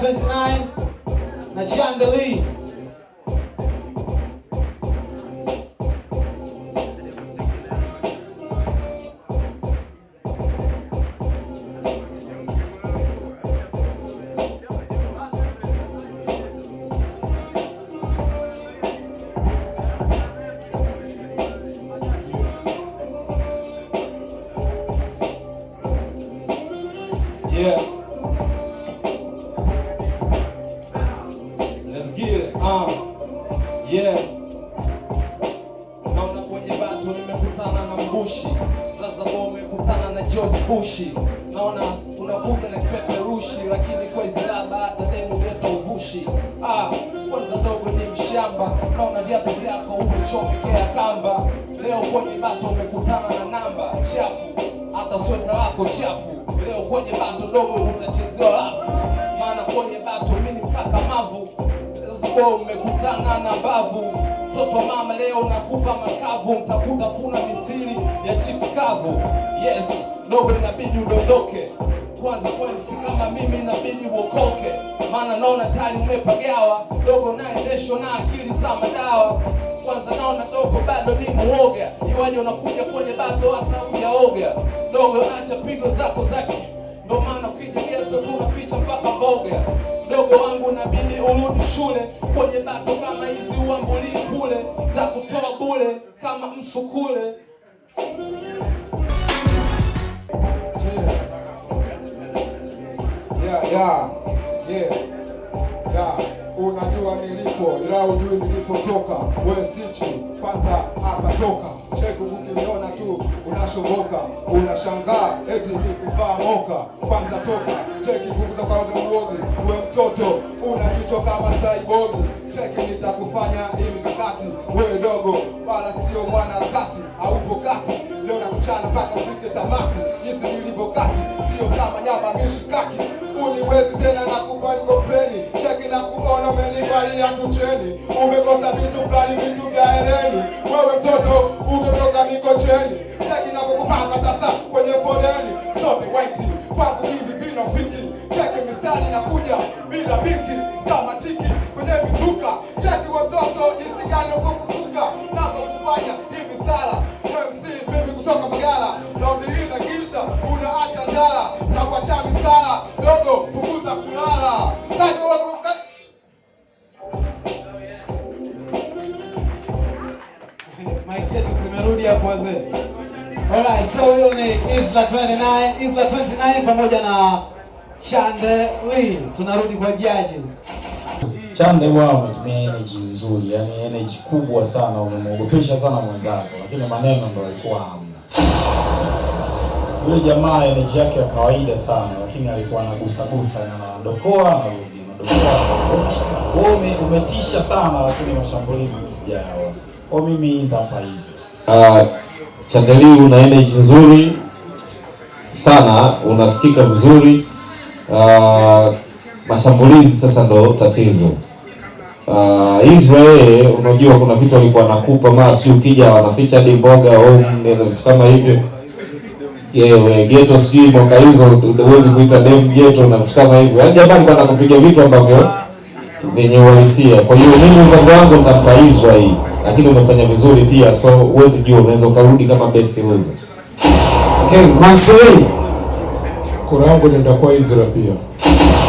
Serpentine and a chandelier. Yeah. Naona kwenye watu nimekutana na mbushi, sasa wewe umekutana na George Bush. Naona unavuka na kipeperushi, lakini kwa Islaba hata demu uvushi. Ah, kwanza dogo ni mshamba, naona viatu vyako umechomekea kamba. Leo kwenye watu umekutana na namba chafu, hata sweta lako chafu. Leo kwenye watu dogo utachezewa lafu, maana kwenye watu mimi ni mkakamavu Ukoo umekutana na babu mtoto mama leo nakupa makavu, mtakutafuna misiri ya chips kavu. Yes, dogo inabidi udondoke kwanza kwani si kama mimi inabidi uokoke, maana naona tali umepagawa. Dogo naendeshwa na akili za madawa. Kwanza naona dogo bado ni muoga, iwaje unakuja kwenye bado hata hujaoga. Dogo acha pigo zako zaki ndio maana ukijalia mtoto unaficha mpaka mboga kurudi shule kwenye bako kama hizi uambulii kule za kutoa bule kama mshukule yeah, yeah, yeah, yeah. Unajua nilipo ila ujui nilipotoka. Wewe kwanza hapa toka cheku, ukiniona tu unashoboka, unashangaa eti nikuvaa moka. Kwanza toka cheki, kuguza kwa mdomo wewe mtoto una kicho kama saibobu, cheki nitakufanya hii mikakati. Wewe dogo bala sio mwana harakati, haupo kati, leo nakuchana mpaka ufike tamati. Jinsi nilivyo sio kama nyama mishikaki, uniwezi tena na kupani kompleni. Cheki na kuona umenivalia tucheni, umekosa vitu fulani, vitu vya ereni Wewe mtoto utotoka mikocheni, cheki na kukupanga sasa kwenye fodeni sote white kwangu hivi vino fiki, cheki mistari na kuja bila biki Mike yetu zimerudi hapo wazee. right, so huyo ni Isla 29, Isla 29 pamoja na Chande Lee. Tunarudi kwa judges. Chande wao umetumia energy nzuri, yani energy kubwa sana, umemwogopesha sana mwenzako, lakini maneno ndio alikuwa hamna. Yule jamaa energy yake ya kawaida sana, lakini alikuwa anagusagusa na anadokoa na anadokoa. ume, umetisha sana lakini mashambulizi msijayaona o mimi ndamba hizo. Uh, ah, Chandeli una energy nzuri sana, unasikika vizuri. Uh, mashambulizi sasa ndo tatizo. Uh, Israel unajua kuna vitu walikuwa nakupa maa, sijui ukija wanaficha hadi mboga na vitu kama hivyo yewe geto sijui mboka hizo huwezi kuita dem geto na vitu kama hivyo. Yaani jamani, kwa nakupiga vitu ambavyo vyenye uhalisia. Kwa hiyo mimi mpango wangu nitampa Israel lakini umefanya vizuri pia, so huwezi jua, unaweza ukarudi kama best loser. Okay, Masri, kura yangu nitakuwa Israel pia.